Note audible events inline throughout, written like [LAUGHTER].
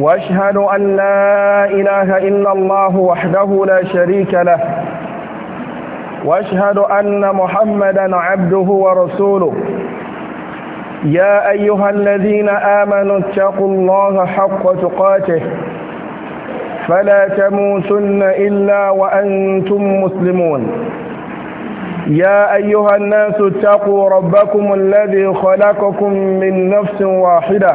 وأشهد أن لا إله إلا الله وحده لا شريك له وأشهد أن محمدا عبده ورسوله يا أيها الذين آمنوا اتقوا الله حق تقاته فلا تموتن إلا وأنتم مسلمون يا أيها الناس اتقوا ربكم الذي خلقكم من نفس واحدة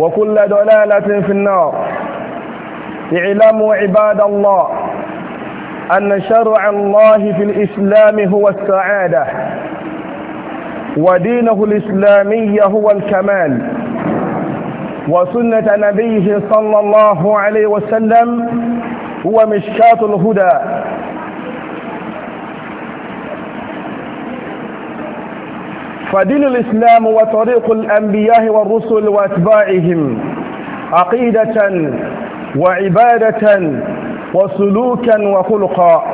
وكل دلالة في النار اعلموا عباد الله أن شرع الله في الإسلام هو السعادة ودينه الإسلامي هو الكمال وسنة نبيه صلى الله عليه وسلم هو مشكاة الهدى فدين الإسلام وطريق الأنبياء والرسل وأتباعهم عقيدة وعبادة وسلوكا وخلقا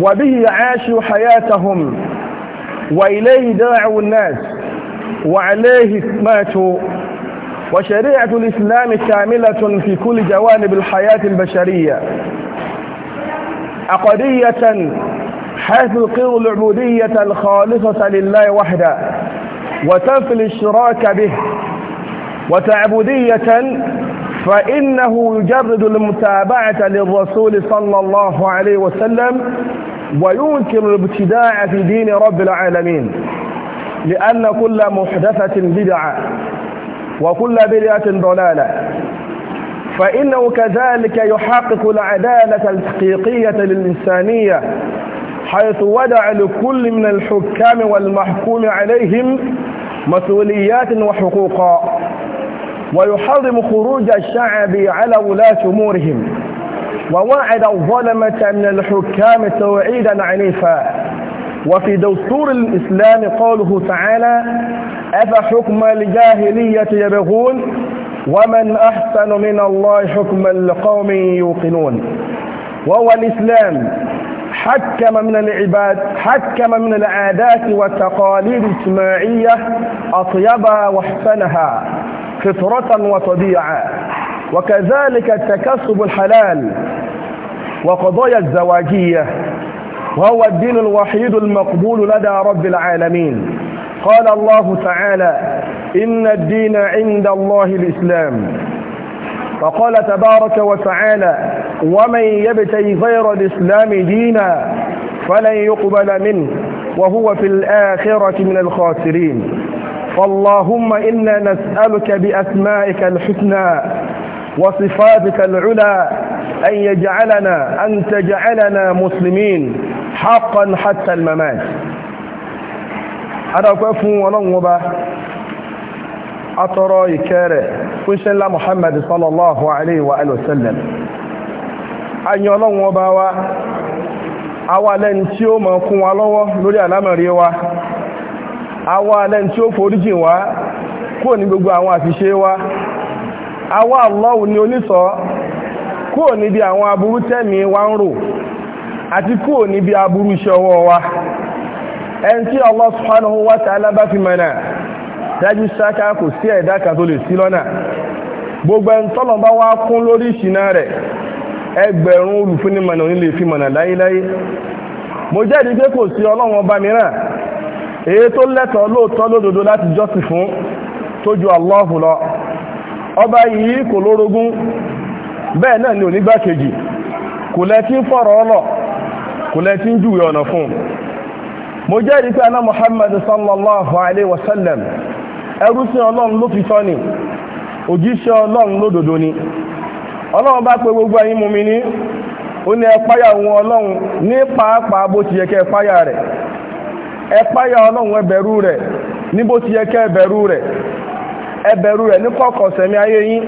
وبه عاشوا حياتهم وإليه دعوا الناس وعليه ماتوا وشريعة الإسلام كاملة في كل جوانب الحياة البشرية عقدية حيث يقر العبودية الخالصة لله وحده وتفل الشراك به وتعبودية فإنه يجرد المتابعة للرسول صلى الله عليه وسلم وينكر الابتداع في دين رب العالمين لأن كل محدثة بدعة وكل بدعة ضلالة فإنه كذلك يحقق العدالة الحقيقية للإنسانية حيث وضع لكل من الحكام والمحكوم عليهم مسؤوليات وحقوقا ويحرم خروج الشعب على ولاة أمورهم ووعد الظلمة من الحكام توعيدا عنيفا وفي دستور الإسلام قوله تعالى أفحكم الجاهلية يبغون ومن أحسن من الله حكما لقوم يوقنون وهو الإسلام حكم من العباد حكم من العادات والتقاليد الاجتماعية أطيبها واحسنها فطرة وطبيعة وكذلك التكسب الحلال وقضايا الزواجية وهو الدين الوحيد المقبول لدى رب العالمين قال الله تعالى إن الدين عند الله الإسلام وقال تبارك وتعالى ومن يبتغي غير الإسلام دينا فلن يقبل منه وهو في الآخرة من الخاسرين فاللهم إنا نسألك بأسمائك الحسنى وصفاتك العلى أن يجعلنا أن تجعلنا مسلمين حقا حتى الممات أنا أقول لكم atọ́rọ ìkẹrẹ fún ṣẹ́lá Muhammad sallallahu alaihi wa sallam ayin ọlọ́run ọba wa awa lẹ́ni tí ó mọ̀ kún wa lọ́wọ́ lórí àlámọ̀rí wa awa lẹ́ni tí ó foríjìn wa kúrò ní gbogbo àwọn àfiṣe wa awa Allahu ni oníṣọ́ kúrò níbi àwọn aburú tẹ́mi wa ń rò àti kúrò níbi aburú iṣẹ́ ọwọ́ wa ẹni tí Allah dájú ṣáká kò sí ẹ̀dá kan tó lè sí lọ́nà gbogbo ẹni tọ́lọ̀ bá wá kún lórí ìṣìnà rẹ̀ ẹgbẹ̀rún olùfinimọ̀nà onílé fi mọ̀nà láyéláyé mo jẹ́rìí pé kò sí ọlọ́run ọba mìíràn èyí tó lẹ́tọ̀ọ́ lóòótọ́ lódodo láti jọ́sìn fún tó ju Allahu lọ ọba yìí kò lórogún bẹ́ẹ̀ náà ni onígbàkejì kò lẹ́tí ń fọ̀rọ̀ ọlọ̀ kò lẹ́tí ń júwe ọ̀nà fún mo jẹ́rìí pé aná Muhammad sallallahu alaihi wasallam ẹrú sí ọlọ́run ló fi tọ́ òjíṣẹ́ ọlọ́run ni ọlọ́run bá pe gbogbo ẹ̀yin mùmínì ó ní ẹpáyà òun ọlọ́run ní pàápàá bó ti yẹ kẹ́ ẹpáyà rẹ̀ ẹpáyà ọlọ́run ẹbẹ̀rú rẹ̀ ní bó ti yẹ kẹ́ ẹbẹ̀rú rẹ̀ ẹbẹ̀rú rẹ̀ ní kọ̀kọ̀ sẹ̀mí ayé yín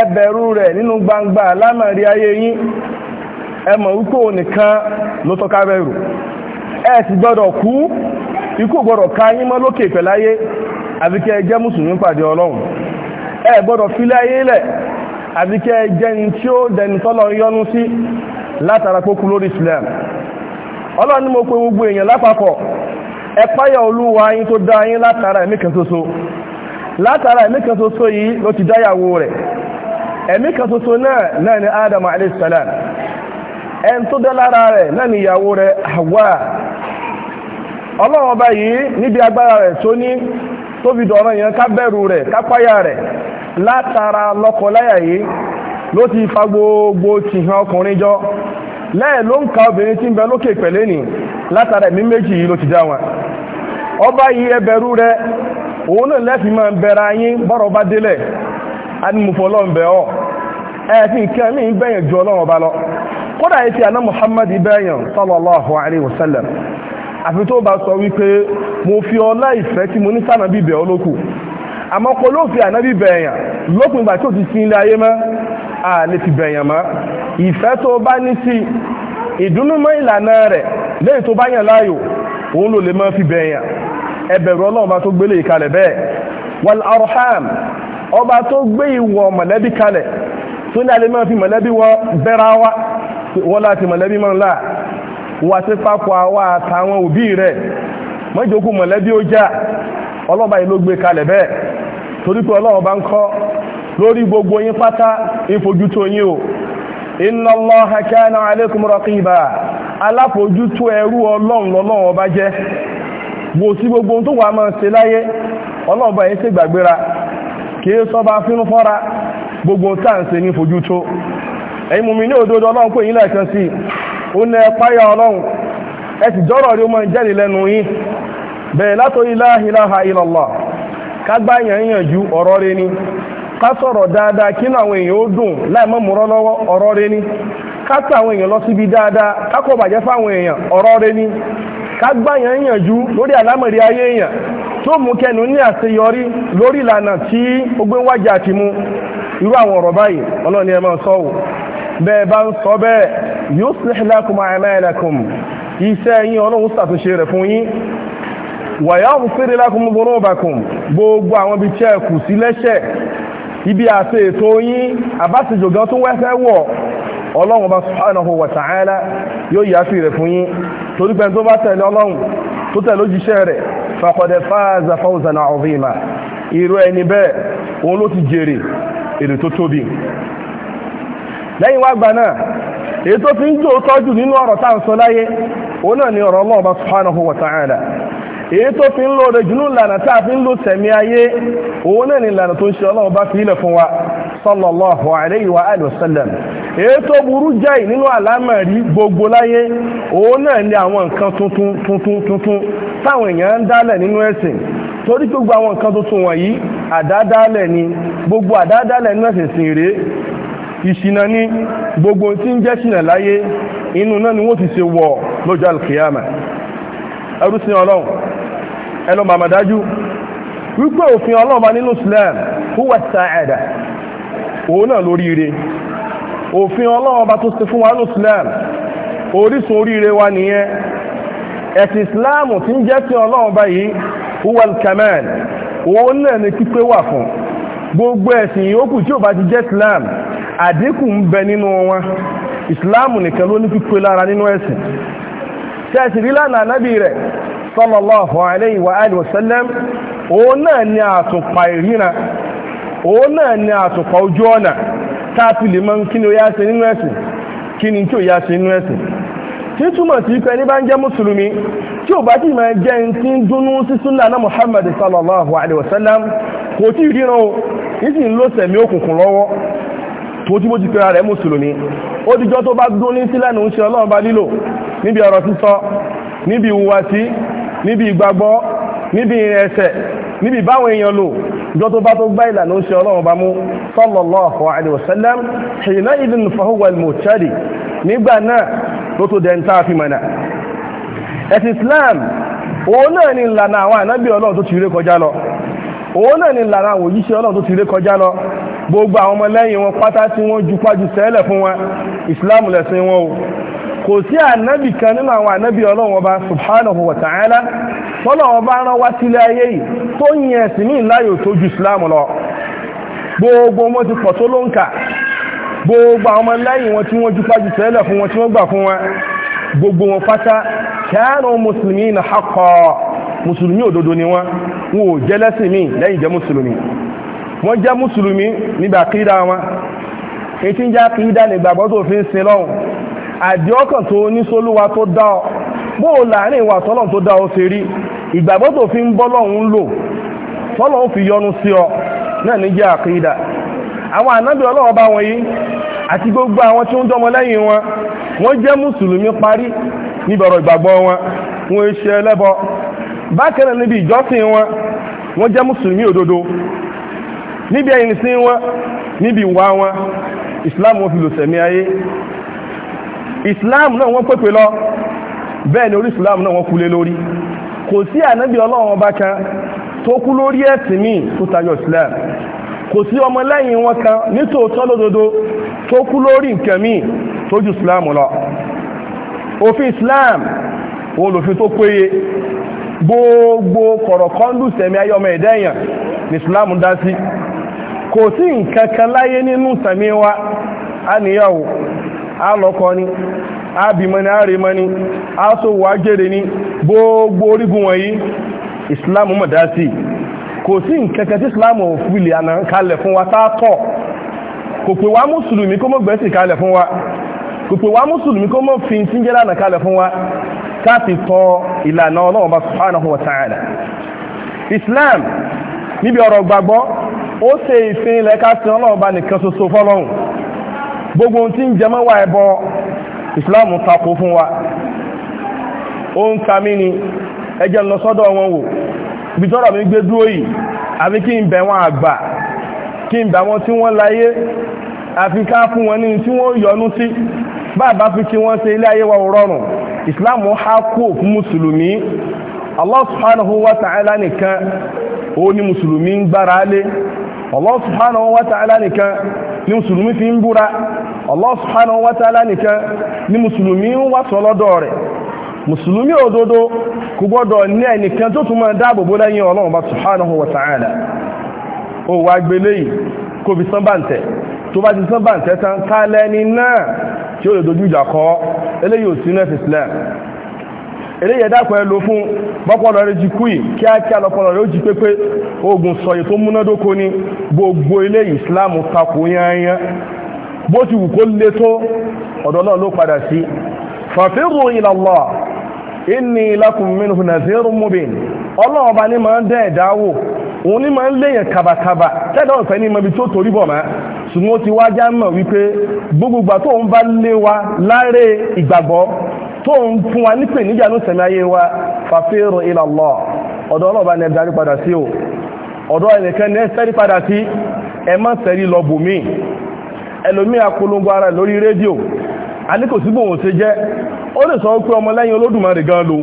ẹbẹ̀rú rẹ̀ nínú gbangba lámàrí ayé yín ẹmọ̀ wípé òun àbíkẹ́ jẹ́ mùsùlùmí pàdé ọlọ́run ẹ gbọ́dọ̀ fílẹ̀ ayé lẹ̀ àbíkẹ́ jẹ́ ní tí ó dẹni sí lórí Islam ọlọ́run ni mo gbogbo èèyàn lápapọ̀ ẹ páyà olúwa tó dá yín látara ẹ̀mí kan yìí ló ti dáyàwó rẹ̀ Adam ẹn tó dá lára rẹ̀ náà ni ìyàwó ọba yìí níbi agbára rẹ̀ tóbi dọ̀rọ̀ yẹn ká bẹ̀rù rẹ̀ ká páyà rẹ̀ látara lọ́kọláyà yìí ló ti fa gbogbo tìhàn ọkùnrin jọ lẹ́ẹ̀ ló ń ka obìnrin tí ń bẹ lókè pẹ̀lẹ́ nì látara ẹ̀mí méjì yìí ló ti dá wọn ọba yìí ẹ bẹ̀rù rẹ̀ òun náà lẹ́fì máa ń bẹ̀rẹ̀ ayín bọ́rọ̀ bá délẹ̀ adìmùfọ́lọ́ ń wasallam àfi tó bá sọ wípé mo fi ọlá ìfẹ́ tí mo ní sànàbí bẹ̀ ọ́ lókù àmọ́ kó ló fi ànábì bẹ̀yàn lópin ìgbà tí ò ti sin ilé ayé mọ́ a lè fi bẹ̀yàn mọ́ ìfẹ́ tó bá ní sí ìdùnnú mọ́ ìlànà rẹ̀ lẹ́yìn tó bá yàn láàyò òun ló lè máa fi bẹ̀yàn ẹ bẹ̀rù ọlọ́run bá tó gbélé ìkalẹ̀ bẹ́ẹ̀ wal arham ọba tó gbé ìwọ̀ mọ̀lẹ́bí kalẹ̀ tó ní alẹ́ máa fi mọ̀lẹ́bí wọn bẹ́ra wa wọ́n láti mọ̀lẹ́bí máa ń wá sí pápọ̀ àwa àtàwọn òbí rẹ̀ mọ́jọ́kú mọ̀lẹ́bí ó já ọlọ́ba yìí ló gbé kalẹ̀ bẹ́ẹ̀ torí pé ọlọ́run bá ń kọ́ lórí gbogbo yín pátá ìfojútó yín o inna Allaha kana alaykum raqiba aláfojútó ẹrú ọlọ́run lọ́lọ́run ọba jẹ́ wò gbogbo gbogbo n à ń ṣe ní fojútó ó ní ẹpáyà ọlọ́run ẹ sì jọ́rọ̀ rí ó máa jẹ́rìí lẹ́nu bẹ̀rẹ̀ látòrí ilaha illallah kágbá yànyànjú ọ̀rọ̀ rẹ ni ká sọ̀rọ̀ dáadáa kí àwọn èèyàn ó dùn láìmọ́ múrọ́ lọ́wọ́ ọ̀rọ̀ rẹ ni ká àwọn èèyàn lọ síbi dáadáa ká kọ̀ bàjẹ́ fáwọn èèyàn ọ̀rọ̀ rẹ ni ká gbá lórí ayé èèyàn tó mú kẹnu ní àṣeyọrí lórí ìlànà tí ti mú irú àwọn ọ̀rọ̀ báyìí ọlọ́ni ẹ bẹ́ẹ̀ bá ń sọ bẹ́ẹ̀ yuslih lakum a'malakum iṣẹ́ yín ọlọ́run ṣàtúnṣe rẹ̀ fún yín wa yaghfir lakum dhunubakum gbogbo àwọn ibi tí ẹ kù sí lẹ́ṣẹ̀ ibi àti ètò yín àbátìjọ̀gán tó wẹ́fẹ́ wọ̀ ọlọ́run bá subhanahu wa ta'ala yóò lẹ́yìn wá gbà náà èyí tó fi ń jò tọ́jú nínú ọ̀rọ̀ tá ń sọ láyé náà ni ọ̀rọ̀ Allah subhanahu wa èyí tó fi ń lo rẹ̀ jùlọ lànà tá a fi ń tẹ̀mí ayé náà ni lànà tó ń ṣe ọlọ́run fi ilẹ̀ fún wa sallallahu alayhi wa sallam èyí tó burú jáì nínú gbogbo láyé náà ni àwọn tuntun tuntun tuntun táwọn èèyàn ń dálẹ̀ nínú ẹ̀sìn torí gbogbo àwọn nǹkan tuntun wọ̀nyí gbogbo nínú ẹ̀sìn ìṣìnà ní gbogbo tí ń jẹ́ ṣìnà láyé inú náà ni wọ́n ti ṣe wọ̀ lọ́jọ́ alkiyama ẹrú sí ọlọ́run ẹlọ́ màmá dájú wípé òfin ọlọ́run bá nínú Islam huwa sa'ada òun náà lóríire òfin ọlọ́run bá tó ṣe fún wa nínú Islam orísun oríire wa nìyẹn ẹ̀sìn Islam tí ń jẹ́ sí ọlọ́run báyìí huwa al-kamal òun náà ni pípé wà fún un gbogbo ẹ̀sìn yòókù tí ó bá ti jẹ́ islam àdínkù ń bẹ nínú wọn islam nìkan ló ní pípé lára nínú ẹ̀sìn tẹ́sì rí lánàá nábì rẹ̀ sallallahu alayhi wa alihi wa sallam ni àtùpà ìrìnà ni àtùpà ojú ọ̀nà táàpì lè mọ́ kí ni ó yá ṣe nínú ẹ̀sìn kí ni tí ó yá ṣe bá tí ò jẹ́ ń tí dúnú sí súnà náà muhammad sallallahu alaihi wasallam kò tí ìríran nísì ń ló sẹ̀mí òkùnkùn lọ́wọ́ tó tí bó ti pẹ́ra rẹ̀ mùsùlùmí ó dijọ́ tó bá dún ní sílẹ̀nù ń ṣe ọlọ́run bá lílò níbi ọ̀rọ̀ sísọ níbi ìhùwàsí níbi ìgbàgbọ́ níbi ìrìn ẹsẹ̀ níbi báwọn èèyàn lò alaihi wasallam hina idin fahuwa al-muhtadi nígbà náà ló tó dẹ̀ ń Islam òun náà ni ìlànà àwọn ànábì ọlọ́run òun náà ni lára àwọn òjíṣẹ́ ọlọ́run tó ti ré kọjá lọ gbogbo àwọn ọmọlẹ́yìn wọn pátá tí wọ́n ju pájú sẹ́lẹ̀ fún wọn islam lẹ̀sìn wọn o kò sí ànábì kan nínú àwọn ànábì ọlọ́run ọba subhanahu wa ta'ala tọ́lọ́run bá rán wá sílé ayé yìí tó yin ẹ̀sìn míì láyò tó ju islam lọ gbogbo wọn ti gbogbo àwọn ọmọlẹ́yìn wọn tí wọ́n ju pájú sẹ́lẹ̀ gbogbo wọn pátá kanu Musulumi òdodo ni wọ́n wọn ò jẹ́ lẹ́sìn míì lẹ́yìn jẹ́ mùsùlùmí wọ́n jẹ́ mùsùlùmí nígbà kídà wọn etí ń já kídà nígbàgbọ́ tó fi ń sin lọ́hùn àdìọ́kàn tó oníṣolúwa tó dá ọ bóò láàrin ìwà tọ́lọ̀ tó dá ọ ṣe rí ìgbàgbọ́ tó fi ń bọ́ lọ́hùn lò tọ́lọ̀ ń fi yọ́nú sí ọ náà ní jẹ́ àkídà àwọn ànábì ọlọ́wọ́ bá wọn yìí àti gbogbo àwọn tí ó ń dọ́mọ lẹ́yìn wọn wọ́n jẹ́ mùsùlùmí parí níbọ̀rọ̀ ìgbàgbọ́ wọn wọ́n ṣe ẹlẹ́bọ bákan náà níbi ìjọsìn wọn wọ́n jẹ́ mùsùlùmí òdodo níbi ẹ̀yìn sí wọn níbi ìwà wọn islam wọn fi lò sẹ̀mí ayé islam náà wọ́n pèpè lọ bẹ́ẹ̀ ni orí islam náà wọ́n kulé lórí kò sí ànábì ọlọ́run ọba kan tó kú lórí ẹ̀sìn míì tó tayọ islam kò sí ọmọ lẹ́yìn wọn kan nítòótọ́ lódodo tó kú lórí nǹkan míì tó islam lọ òfin islam olùfin tó péye gbogbo kọ̀rọ̀kọ́ndù sẹ̀mí ayọ́mọ ẹ̀dá èèyàn ní islam dá sí kò sí nǹkan kan láyé nínú sẹ̀mí wa a níyàwó a lọ́kọ ni a bímọ ni a rèmọ ni a sòwò a jèrè ni gbogbo orígun wọ̀nyí islam mọ̀ dá sí kò sí nǹkan kan tí islam ò fìlì àná kalẹ̀ fún wa tààtọ̀ kò pè wá mùsùlùmí kó mọ̀ gbẹ́sì kalẹ̀ fún wa kò pè wá mùsùlùmí kó mọ̀ fi ti ń kalẹ̀ fún wa káàfi tọ ìlànà ọlọ́wọ́n bá subhanahu wa ta'ala islam níbi ọ̀rọ̀ gbàgbọ́ ó ṣe ìfin ilẹ̀ káàfi ọlọ́wọ́n bá nìkan ṣoṣo fọlọ́hùn gbogbo tí ń jẹmọ́ wà ẹbọ islam takò fún wa ó ń ka mí ni ẹjẹ́ lọ sọ́dọ̀ wọn wò ibi tọ́rọ̀ mi gbé dúró yìí àfi kí n bẹ̀ wọn àgbà kí n bẹ̀ wọn tí wọ́n láyé àfi ká fún wọn ní tí wọ́n yọnu sí bá àbá fi kí wọ́n ṣe ilé ayé wa rọrùn islam há kú fún mùsùlùmí allah subhanahu wa ta'ala nìkan ó ní mùsùlùmí ń gbára lé allah subhanahu wa ta'ala nìkan ní mùsùlùmí fi ń búra allah subhanahu wa ta'ala nìkan ní mùsùlùmí ń wá sọlọ́dọ̀ rẹ̀ mùsùlùmí òdodo kò gbọ́dọ̀ ní ẹnìkan tó tún máa dáàbò bó lẹ́yìn ọlọ́run bá subhanahu wa ta'ala ó wá gbélé yìí kò fi sánbàǹtẹ̀ tó bá ti sánbàǹtẹ̀ tán kálẹ́ni náà tí ó lè dojú ìjà kọ eléyìí ò sí nẹ́ẹ̀sì Islam eléyìí ẹ̀dàpọ̀ ẹ lò fún bọ́pọ̀lọ̀ rẹ̀ jí kúì kíákíá lọ́pọ̀lọ̀ rẹ̀ ó jí pépé oògùn sọ̀yẹ̀ tó múnádókó ní gbogbo ilé Islam ọlọ́run ọba ní máa ń dẹ́ ẹ̀dá wò òun ní máa ń léèyàn kàbàkàbà tẹ́lẹ̀ ọ̀fẹ́ tó torí bọ̀ mọ́ ṣùgbọ́n ó ti wá já mọ̀ wípé gbogbogbà tó bá lé wa ìgbàgbọ́ tó fún wa nípè níjà o ọ̀dọ̀ ẹnìkan ní ẹ sẹ́rí padà sí lọ ara lórí rédíò ṣe ó lè sọ pé ọmọlẹ́yìn Olódùmarè gan lo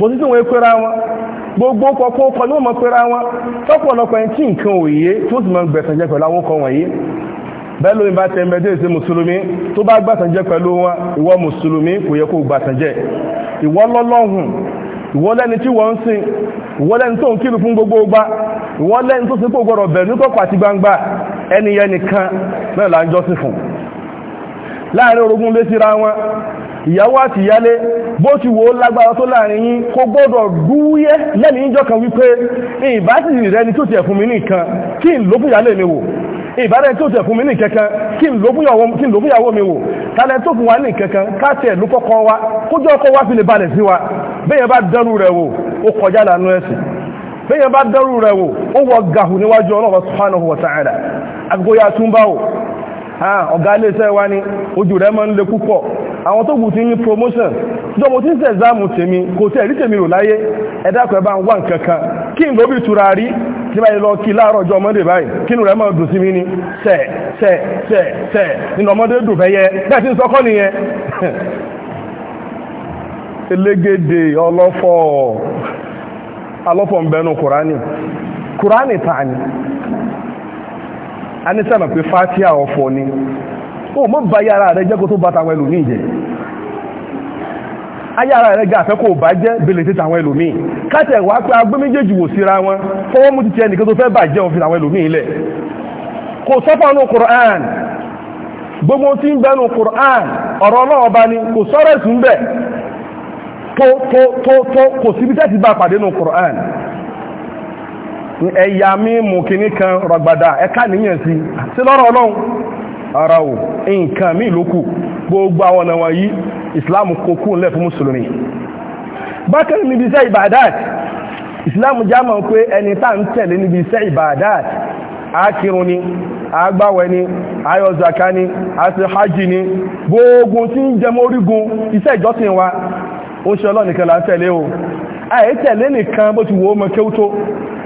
kò sí tí gbogbo kọ̀kọ́ kọ ló mọ̀ pẹ́ra wọn tọ́pọ̀lọpọ̀ ẹni tí nǹkan òye tó sì mọ̀ gbẹ̀sàn jẹ́ pẹ̀lú àwọn kan wọ̀nyí bẹ́ẹ̀ lómi bá tẹ́m̀bẹ̀ tí èsì mùsùlùmí tó bá gbàsàn jẹ́ pẹ̀lú wọn ìwọ mùsùlùmí kò yẹ kó gbàsàn jẹ́ ìwọ lọ́lọ́hùn ìwọ lẹ́ni tí wọ́n ń sìn ìwọ lẹ́ni tó ń kírù fún gbogbo ọgbà ìwọ lẹ́ni tó sì kó gbọ́rọ̀ bẹ̀rù ní kọ̀kọ̀ àti gbangba ẹniyẹnìkan náà là láàrin orogún lé síra wọn ìyàwó àti ìyálé bó ti wò ó lágbára tó láàrin yín kò gbọ́dọ̀ dúúyẹ́ lẹ́nu ìjọ kan wípé ìbásìrì rẹ ni tó tiẹ̀ fún mi nìkan kí n lókùn ìyálé mi wò ìbárẹ̀ tó tẹ̀ fún mi ní kẹ́kẹ́ kí n ló fún ìyàwó mi wò tàlẹ̀ tó fún wa ní kẹ́kẹ́ káàtẹ̀ ló kọ́kọ́ wa kójọ́ ọkọ̀ wá fi lè balẹ̀ sí wa bẹ́yẹn bá dẹ́rù rẹ̀ wò ó kọjá lànà ẹ̀sìn bẹ́yẹn bá dẹ́rù rẹ̀ wò ó wọ gàhù níwájú Ọlọ́hun subhanahu wa ta'ala ọ̀gá iléeṣẹ́ wa ni ojú rẹ̀ máa ń le púpọ̀ àwọn tó kù ti ní promotion tó mo ti ń sẹ̀záàmù tèmi kò tẹ̀ rí tèmi rò láyé ẹ dákun ẹ bá ń wà nǹkan kan kí n ló bí tura rí tí báyìí lọ kí láàárọ̀ ọjọ́ ọmọdé báyìí kí nù rẹ̀ máa dùn sí mi ni sẹ̀ sẹ̀ sẹ̀ sẹ̀ nínú ọmọdé dùn fẹ́ yẹ bẹ́ẹ̀ tí ń sọkọ́ nìyẹn [LAUGHS] elégédé ọlọ́fọ̀ alọ́fọ̀ a ní fatia ọ̀fọ̀ ni o mọ́ bá yára rẹ̀ jẹ́ kó tó bá tàwọn ẹlòmí jẹ́ ayára rẹ̀ ga àfẹ́ kó bá jẹ́ bèlè tí tàwọn ẹlòmí káàtẹ̀ wá pé agbé méjèèjì wò síra wọn fọwọ́ mú títí ẹnìkan tó fẹ́ bà jẹ́ òfin àwọn ẹlòmí ilẹ̀ kò sọ́fà Qur'an gbogbo tí Qur'an ọ̀rọ̀ náà bá ní kò sọ́rẹ̀ tún bẹ̀ tó tó tó tó Qur'an ẹ̀yà mímú kìíní kan rọgbàdà ẹ̀ka níyàn sí sí lọ́rọ̀ ọlọ́run ara ò nǹkan mí lókù gbogbo àwọn ọ̀nà wọ̀nyí islam kókó ńlẹ̀ fún mùsùlùmí bákan níbi iṣẹ́ ìbàdàt islam jámọ̀ pé ẹni tá ń tẹ̀lé níbi iṣẹ́ ìbàdàt gbogbo tí ń iṣẹ́ ìjọsìn wa ó ṣe ọlọ́nìkan là tẹ̀lé o nìkan bó ti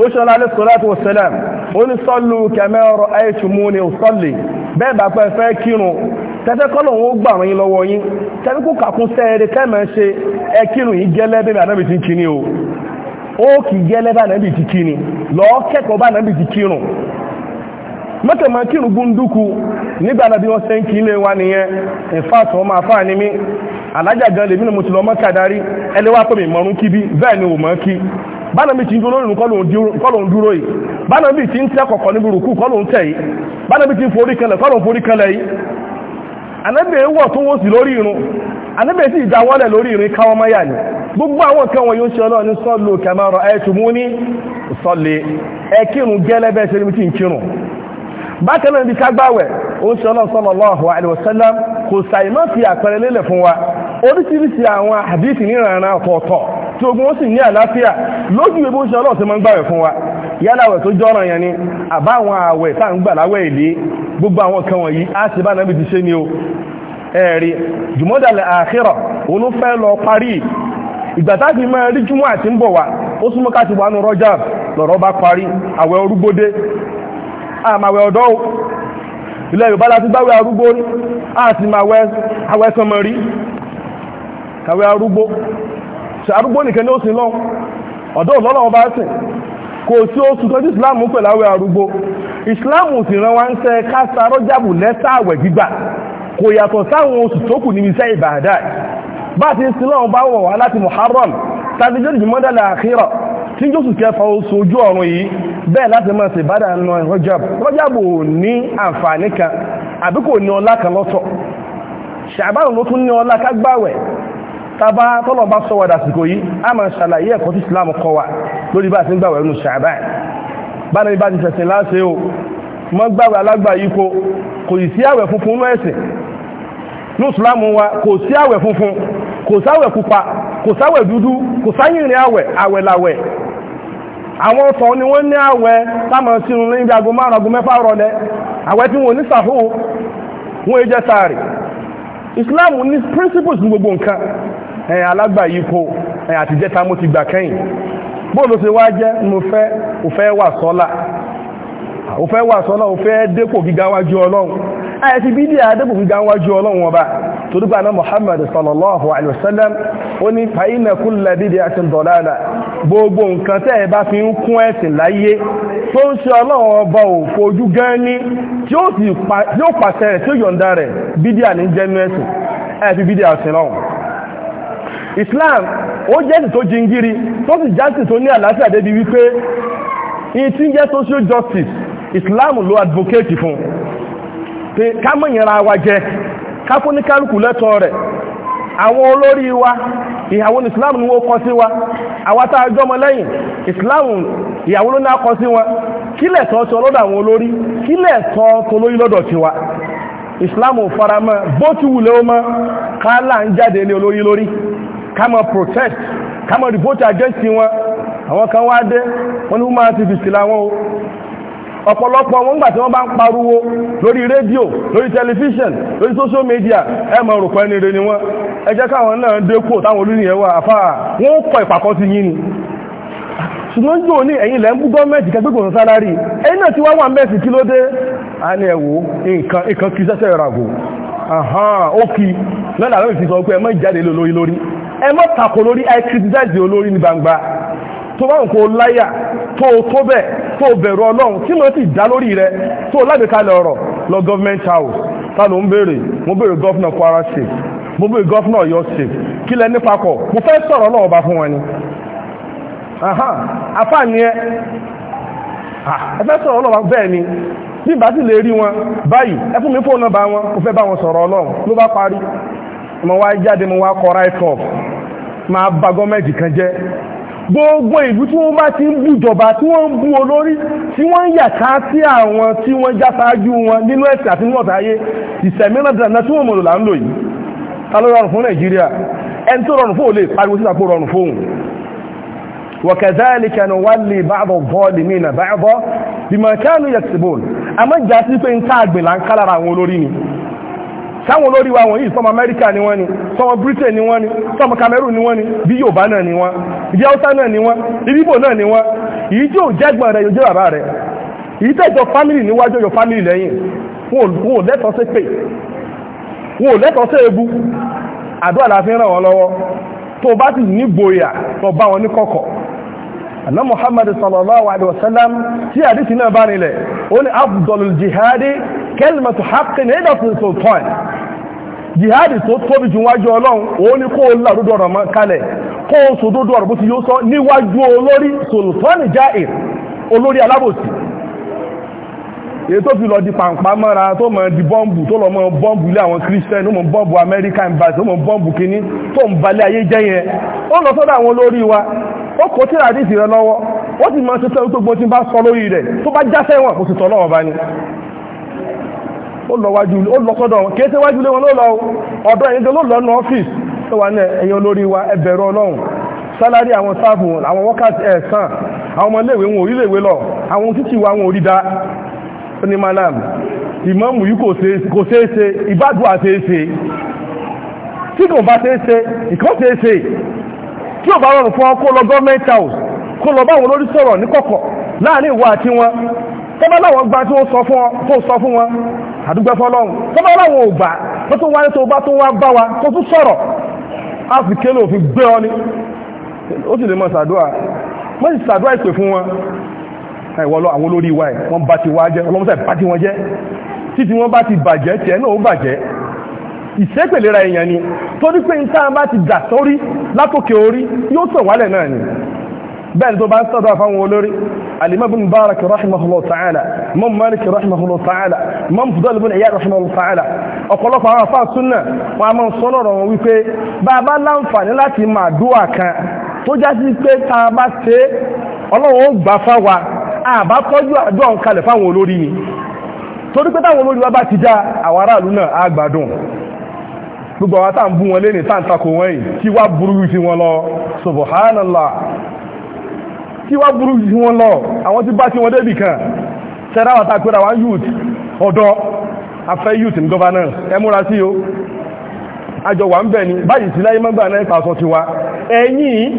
ó ṣọ́lá alẹ́ sọ́látù wọ̀sẹ̀lẹ̀m ó ní sọ́lù kẹmẹ́rọ ayétumú ni òsọ́lì bẹ́ẹ̀ bá pẹ́ fẹ́ kírun tẹ́tẹ́ kọ́lọ̀ wọn ó gbà wọn yín lọ́wọ́ yín tẹ́tẹ́ kó kàkún sẹ́ẹ̀rẹ́ kẹ́mẹ́ ṣe ẹ kírun yìí gẹ́lẹ́ bẹ́ẹ̀ ànábì ti kíni o ó kì í gẹ́lẹ́ bá ànábì ti kíni lọ́ọ́ kẹ́kọ̀ọ́ bá ànábì ti kírun mọ́kànmọ́ kírun gúndúkú nígbàdà bí wọ́n ṣe ń kí ilé wa nìyẹn in fact wọ́n máa fà ní mí alájà gan lèmi ni mo ti lọ mọ́kàdárí ẹlẹ́wà pẹ̀mí mọ́rún kíbi bẹ́ẹ̀ ni ò mọ́ kí bánàbí ti ń dúró lórí kọ́lùn dúró yìí bánàbí ti ń tẹ́ kọ̀kọ́ níbi rùkú kọ́lùn tẹ̀ yìí bánàbí ti ń forí kẹlẹ̀ kọ́lùn forí kẹlẹ̀ yìí anábì wọ̀ tó wọ́n sí lórí irun anábì sì ìdáwọ́lẹ̀ lórí irin káwọn máyà ni gbogbo àwọn nǹkan wọn yóò ṣe ọlọ́run ní sọ́lù kẹmọ́rọ̀ ẹ̀tùmúní sọ́lẹ̀ ẹkírun gẹ́lẹ́bẹ́ ṣe níbi tí ń kírun bákan náà bí kágbáwẹ̀ òun ṣe ọlọ́run sallallahu alaihi wasallam kò sàìmọ́ fi àpẹẹrẹ lélẹ̀ fún wa oríṣiríṣi àwọn àdíṣì níranà ọ̀tọ̀ọ̀tọ̀ tí ogun ó sì ní àlàáfíà lójú ìwé bó ń ṣe ọlọ́run ti máa ń gbàwẹ̀ fún wa yálàwẹ̀ tó jọ́ràn yẹn ni àbá àwọn àwẹ̀ tá ń gbà láwẹ̀ ìlé gbogbo àwọn kan wọ̀nyí á sì bá nàbì ti ṣe ni o ẹ̀rí jùmọ́dàlẹ̀ àkhírà òun fẹ́ lọ parí ìgbà táàfi máa rí jùmọ́ àti ń bọ̀ wá ó súnmọ́ káti wà ní rọ́jà lọ̀rọ̀ bá parí àwẹ̀ orúgbódé àmàwẹ̀ ọ̀dọ́ ilẹ̀ Yorùbá láti gbáwẹ̀ arúgbó àti màwẹ̀ awẹ́sọmọ rí kàwẹ̀ arúgbó ṣàrúgbó nìkan ní ó sin lọ́wọ́ ọ̀dọ́ ọ̀lọ́lọ́ ọba sìn kò sí oṣù tọ́jú ìsìláàmù pẹ̀lú àwẹ̀ arúgbó ìsìláàmù sì rán wa ń sẹ kása rọ́jàbù lẹ́sà àwẹ̀ gbígbà kò yàtọ̀ sáwọn oṣù tó kù níbi iṣẹ́ ìbàdà bá ti sin lọ́wọ́ bá wọ̀ wá láti muharram tàbí jẹ́ ìjùmọ́dàlà àkírọ̀ tí jọ́sù kẹfà oṣù ojú ọ̀run yìí bẹ́ẹ̀ láti máa ṣe ìbádà nù rọ́jàbù rọ́jàbù ò ní àǹfààní kan àbí ní ọlá kan lọ́tọ̀ ṣàbánu ló tún ní ọlá kágbáwẹ̀ tàbá tọ́lọ̀ bá sọ wàdà àsìkò yìí a máa ṣàlàyé ẹ̀kọ́ tí Islam kọ wa lórí bá ti ń gbàwẹ̀ ẹnu Ṣàbáàn bá ní bá ti fẹ̀sìn láṣẹ o mọ́ gbàwẹ̀ alágbà yìí kò kò sí àwẹ̀ funfun ní ẹ̀sìn ní Islam wa kò sí àwẹ̀ funfun kò sáwẹ̀ pupa kò sáwẹ̀ dúdú kò sáyìnrìn àwẹ̀ àwẹ̀ làwẹ̀ àwọn ọ̀tọ̀ ni wọ́n ní àwẹ̀ táwọn sínú ní ibi aago márùn aago mẹ́fà rọlẹ̀ àwẹ̀ tí wọ́n ní sàfún wọn èjẹ sáàrì Islam ní principles ní gbogbo nǹkan ẹ̀yìn alágbàyípo ẹ̀yìn àtijẹ́ta mo ti gbà kẹ́yìn bó ló ṣe wá jẹ́ mo fẹ́ ò fẹ́ wà sọ́lá ò fẹ́ wà sọ́lá ò dépò gíga wájú ọlọ́run ayẹ bí díà dépò gíga wájú ọlọ́run ọba torípa náà Muhammad sallallahu alayhi wa sallam ó ní fàyínà kúlẹ̀ dídí àti dọ̀láàlà gbogbo nǹkan tẹ́ ẹ bá fi ń kún ẹ̀sìn láyé tó ń ṣe ọlọ́run ọba ò fojú gan ní tí ó pàṣẹ rẹ̀ tí ó yọ̀ǹda rẹ̀ bídíà ní jẹ́nu ẹ̀sìn ẹ̀ fi bídíà sí lọ́run Islam ó jẹ́sì tó jingiri tó sì jásì tó ní àlàáfíà débi wípé in ń jẹ́ social justice Islam ló advocate fún pé ká wa jẹ ká fún ní wa ìyàwó ní Islam ni wọ́n wa lẹ́yìn Islam ìyàwó ló sí wọn ọlọ́dọ̀ àwọn olórí tó lórí lọ́dọ̀ tiwa Islam bó ti mọ́ ká là ń jáde Kama protest kama máa revolt against wọn àwọn kan wá dé wọ́n ní human activist làwọn o ọ̀pọ̀lọpọ̀ wọn gbà tí wọ́n bá ń pariwo lórí rédíò lórí tẹlifíṣàn lórí social media ẹ mọ̀ rò pẹ́ni rẹ ni wọ́n ẹ jẹ́ káwọn náà dé kó táwọn olóyìn ẹwà àfáà wọ́n kọ ìpàkọ́ sí yín ni ṣùgbọ́n jò ní ẹ̀yìn ilẹ̀ ń bú gọ́ọ̀mẹ̀tì kẹgbẹ́gbọ̀n sálárì ẹ̀yìn náà ti wá wà mẹ́sì kí ló dé a ní ẹ̀wò nǹkan nǹkan kí sẹ́sẹ̀ ìràgò ó kí lọ́nà àwọn ìfisọ̀ pé ẹ má jáde lórí lórí ẹ má tako lórí I criticize olórí ní gbangba tó bá nǹkan láyà tó tó bẹ́ẹ̀ tó bẹ̀rù ọlọ́run tí mo sì dá lórí rẹ tó lágbèkalẹ̀ ọ̀rọ̀ lọ government house ta ló ń béèrè mo béèrè gọ́fìnà Kwara state mo béèrè gọ́fìnà Ọ̀yọ́ state kí lẹ nípa kọ̀ mo fẹ́ sọ̀rọ̀ náà ọba fún wọn ni àfààní ẹ ẹ fẹ́ sọ̀rọ̀ náà bẹ́ẹ̀ ni bí bá sì lè rí wọn báyìí ẹ fún mi fóònù nọ́mbà wọn mo fẹ́ bá wọn sọ̀rọ̀ ọlọ́run ló bá parí mo wá jáde mo wá kọ right up máa bá gọ́ọ̀mẹ̀ntì kan jẹ́ gbogbo ìlú tí wọ́n bá ti ń bùjọba tí wọ́n ń bú olórí tí wọ́n ń yàká sí àwọn tí wọ́n já sáájú wọn nínú ẹ̀sìn àti nínú ọ̀tá ayé ìsẹ̀míràn dànà tí wọ́n mọ̀lò là ń lò yìí ta ló rọrùn fún nàìjíríà ẹni tó rọrùn fún òlè pariwo síta kó rọrùn fóun وكذلك نولي بعض الظالمين بعضا بما كانوا يكسبون àmọ́ ìjà sí pé ń ká àgbìn là ń ká lára àwọn olórí ni sáwọn olórí wa wọ̀nyí sọmọ amẹ́ríkà ni wọ́n ni sọmọ britain ni wọ́n ni sọmọ cameroon ni wọ́n ni bí yorùbá náà ni wọ́n ibi haúsá náà ni wọ́n ibi ibo náà ni wọ́n èyí tí ò jẹ́gbọ́n rẹ̀ yóò jẹ́ bàbá rẹ̀ èyí tẹ́jọ family níwájú yọ family lẹ́yìn wọn ò lẹ́tọ̀ọ́ sí pé wọn ò lẹ́tọ̀ọ́ sí ebu àdúrà la fi ràn wọ́n lọ́wọ́ tó bá sì ní gboyà tó bá wọn ní kọ̀kọ̀ àná muhammad sallallahu alaihi wasallam tí àdísì náà bá nílẹ̀ ó ní afdolul jihadi kelmatu haqqin nígbàtí sultan jihadi tó tóbi jù wájú ọlọ́run ó ní kó o lárúdọ̀ ọ̀rọ̀ kalẹ̀ kó o sòdódó ọ̀rọ̀ bó ti yóò sọ níwájú olórí sultan jair olórí alábòsí èyí tó fi lọ di pàǹpá mọ́ra tó mọ̀ di bọ́ǹbù tó lọ mọ̀ bọ́ǹbù ilé àwọn christian tó mọ̀ american embassy tó mọ̀ bọ́ǹbù kínní tó ń balẹ̀ ayé jẹ́ yẹn ó lọ sọ́dọ̀ àwọn wa ó kó tíra àdìsí rẹ lọ́wọ́ ó sì máa ṣiṣẹ́ gbogbo tí bá sọ lórí rẹ̀ tó bá já sẹ́wọ̀n kò sì tọ́ lọ́wọ́ bá ní ó lọ wájú ó lọ sọ́dọ̀ wọn kì í ṣe wájú lé wọn ló lọ ọ̀dọ̀ ẹ̀yìn gan ló lọ ní ọ́fíìsì tó wà ní ẹ̀yìn olórí wa ẹ bẹ̀rù Ọlọ́run sálárì àwọn sáàfù àwọn wákàtí ẹ̀ sàn àwọn ọmọ iléèwé wọn ò rí iléèwé lọ àwọn títì wa wọn ò rí da ó ní malam ìmọ̀mù yìí kò ṣeé ṣe ìbádùn àṣeéṣe tí kò bá ṣeé ṣe ìkọ́ ṣeé ṣe tí ò bá rọrùn fún wọn kó lọ government house kó lọ bá wọn lórí sọ̀rọ̀ ní kọ̀kọ̀ láàrin ìwọ àti wọn tọ́bá láwọn gba tí ó sọ fún wọn àdúgbẹ́ fọ́lọ́run tọ́bá láwọn ò bá tó tó wáyé tó bá tó wá bá wa tó tún sọ̀rọ̀ á fi kélé òfin gbé ọ ní ó sì lè mọ́ sàdúà mọ́ sì sàdúà ìpè fún wọn àìwọ́ àwọn olórí wa ẹ̀ wọ́n bá ti wá jẹ́ ọlọ́mọ́sà bá ti wọ́n jẹ́ títí wọ́n bá ti bàjẹ́ tiẹ̀ náà ó bàjẹ́ ìṣẹ́pẹ̀lera èèyàn ni torí pé ní táwọn bá ti dà sórí látòkè orí yóò sàn wálẹ̀ náà ni bẹ́ẹ̀ tó bá ń sọ́dọ̀ àfáwọn olórí alìmọ́ bin barak rahimahullah ta'ala ta'ala mọ́m fudal bin iyad ta'ala ọ̀pọ̀lọpọ̀ àwọn afá súnà wọn a máa ń sọ́nà ọ̀rọ̀ wọn wípé bá a bá láǹfààní láti máa dúwà kan tó já sí pé tá a bá ṣe ọlọ́run ó gbà fáwa ni torí pé táwọn olórí wa bá ti dá gbogbo àwọn tá à ń bú wọn léni tá à ń takò wọn yìí kí wá burú ju ti wọn lọ subhanallah kí wá burú ju ti wọn lọ àwọn ti bá ti wọn débì kan ṣẹlẹ̀ àwọn àtàkùn àwọn youth ọ̀dọ́ afẹ́ youth in governance ẹ sí o àjọ wà ń bẹ̀ ni báyìí sí láyé mọ́gbà náà ìpàsọ ti wa ẹ̀yìn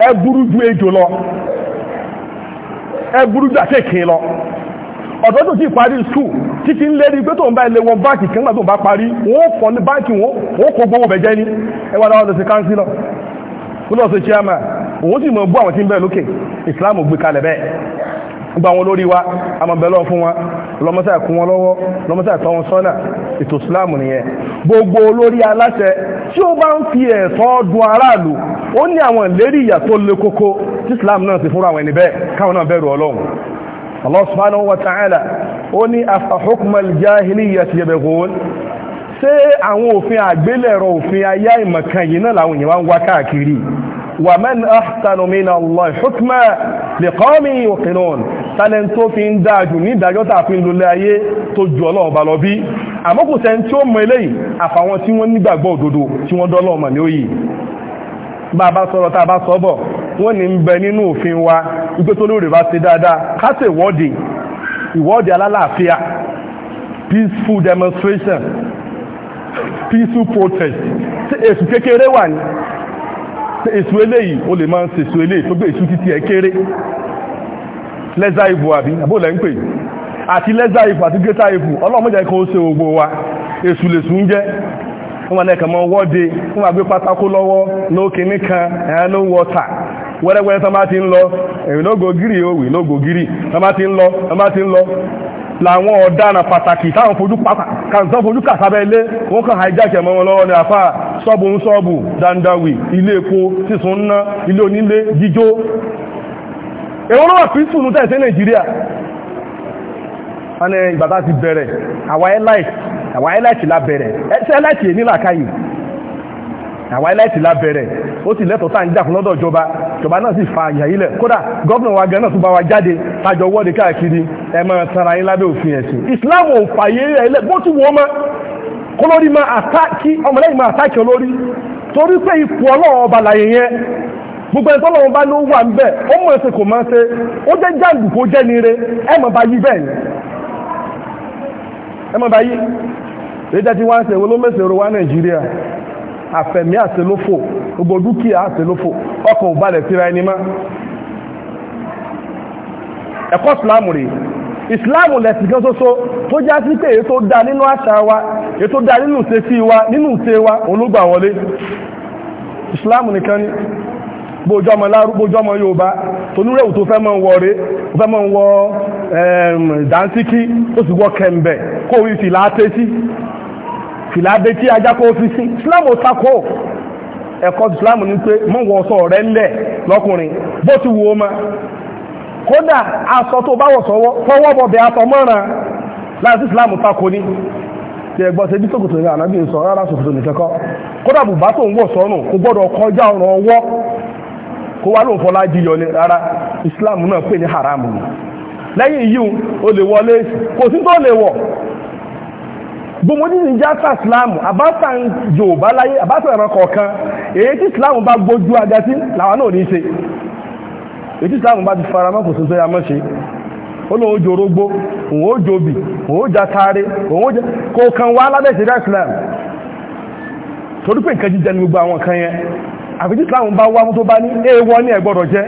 ẹ burú ju ejò lọ ẹ burú ju lọ ọ̀dọ́ tó ti parí skul títí ń lérí pé tó ń bá ilé wọn báǹkì kan gbà tó ń bá parí wọ́n fọ́ ní báǹkì wọn wọ́n kò gbowó bẹ̀jẹ́ ní ẹwà náà lọ sí kánsílọ̀ kó lọ sí chiama òun sì mọ̀ bú àwọn tí ń bẹ lókè ìsìláàmù gbé kalẹ̀ bẹ́ẹ̀ gba wọn lórí wa amọ̀bẹ̀lọ́ fún wa lọ́mọ́sá kún wọn lọ́wọ́ lọ́mọ́sá tọ́ wọn sọ́nà ètò islam nìyẹn gbogbo olórí aláṣẹ tí ó bá ń fi ẹ̀tọ́ dun aráàlú ó ní àwọn ìlérí ìyà tó le koko tí islam náà sì fúnra àwọn ẹni bẹ́ẹ̀ káwọn náà bẹ̀rù ọlọ́run Allah subhanahu wa ta'ala ó ní afahukmal jahiliyyati yabghun ṣé àwọn òfin àgbélẹ̀rọ òfin ayá ìmọ̀kan yìí náà làwọn èèyàn wá ń wá káàkiri wa man ahsanu min Allah hukma liqawmin yuqinun tálẹ́ tó fi ń dáàjù ní ìdájọ́ tàà fi ń ayé tó ju Ọlọ́run lọ bí àmọ́kùsẹ́ tí ó mọ eléyìí àfàwọn tí wọ́n nígbàgbọ́ òdodo tí wọ́n dọ́lọ́ọ̀mọ̀ ní ó yìí bá a bá sọ̀rọ̀ tá a bá sọ wọ́n ní ń bẹ nínú òfin wa wípé tó lóore bá ṣe dáadáa ká ṣe ìwọ́de ìwọ́de alálàáfíà peaceful demonstration peaceful protest èsù kékeré wà ní èsù eléyìí o lè máa ń sèso eléyìí tó gbé èsù títí ẹ kéré lẹ́zà ìbò àbí àbólẹ̀ ń pè àti lẹ́zà ìbò àti gẹ́tà ìbò ó ṣe wa èsù lè sùn jẹ́ wọ́n máa mọ́ wọ́de wọ́n máa gbé pátákó lọ́wọ́ wọ́ta wẹ́rẹ́wẹ́rẹ́ tán bá ti ń lọ ẹ̀rìn lógógírì òwì lógógírì tán bá ti ń lọ tán bá ti ń lọ làwọn ọ̀daràn pàtàkì táwọn fojú kàsábẹ́ ilé wọ́n kàn hijackẹ̀ mọ́ wọn lọ́wọ́ ní àfá sọ́bù ń sọ́bù dandawi ilé epo sísun ná ilé onílé jíjó èwọ́n lọ́wọ́ fi sùnú tẹ́ẹ̀sẹ́ nàìjíríà wọn ni ìgbàtà ti bẹ̀rẹ̀ àwa elite àwa elite la bẹ̀rẹ̀ ẹ̀sẹ̀ elite yìí nílàkàyè àwa iláìtì lábẹ́rẹ̀ ó sì lẹ́tọ̀ọ́ tá à ń jà fún lọ́dọ̀ ìjọba ìjọba náà sì fa àyà ilẹ̀ kódà gómìnà wa gan náà tún bá wa jáde tájọ wọ́de káàkiri ẹ máa tara yín lábẹ́ òfin ẹ̀sìn Islam ò fàyè ilẹ̀ bó ti wọ́ mọ́ kólórí máa àtàkì ọmọlẹ́yìn máa àtàkì olórí torí pé ipò ọlọ́run làyè yẹn gbogbo ẹni bá ló wà ó mọ̀ ẹsẹ̀ kò máa ṣe ó jẹ́ jàǹdùkú jẹ́ nire ẹ àfẹ̀mí àṣelófò gbogbo dúkìá àṣelófò ọkàn ò balẹ̀ síra ẹni má ẹ̀kọ́ ìsìláàmù rèé ìsìláàmù lẹ̀sìn kan tó já sí pé dá nínú àṣà wa èyí dá nínú wa nínú wa olúgbà wọlé ìsìláàmù ni ọmọ ọmọ Yorùbá tó fẹ́ mọ́ wọ rẹ̀ fẹ́ mọ́ wọ ó sì tí abẹ́tí ajákó fi sí islam ò takò ẹ̀kọ́ islam ní pé mọ́wọ́ ọ̀sọ́ ọ̀rẹ́ ńlẹ̀ lọ́kùnrin bó ti wo ma kódà aṣọ tó bá wọ̀ sọ́wọ́ fọwọ́ bọ̀bẹ̀ aṣọ mọ́ràn láti islam takò ní ti ẹgbọ́ ṣe bí sókòtò ànábì ń sọ rárá sókòtò ní kọjá ọwọ́ kó wá lóun fọlá rárá islam náà pè ní haramu lẹ́yìn yíò o lè wọlé kò sí gbogbo ní ní jásà islamu àbáta ń Yorùbá láyé àbáta ẹ̀rọ kọ̀ọ̀kan èyí tí islamu bá gbójú agatí làwọn náà ní ṣe èyí tí islamu bá ti fara mọ́ kò sí sẹ́yà mọ́ ṣe ó lóun ó jorógbó òun ó jobì òun ó jatare òun ó jẹ kò kan wá lábẹ́ ìṣẹ̀dá islam torí pé nǹkan jíjẹ ní gbogbo àwọn kan yẹn àfi tí islamu bá wá mú tó bá ní èèwọ̀ ní ẹ gbọ́dọ̀ jẹ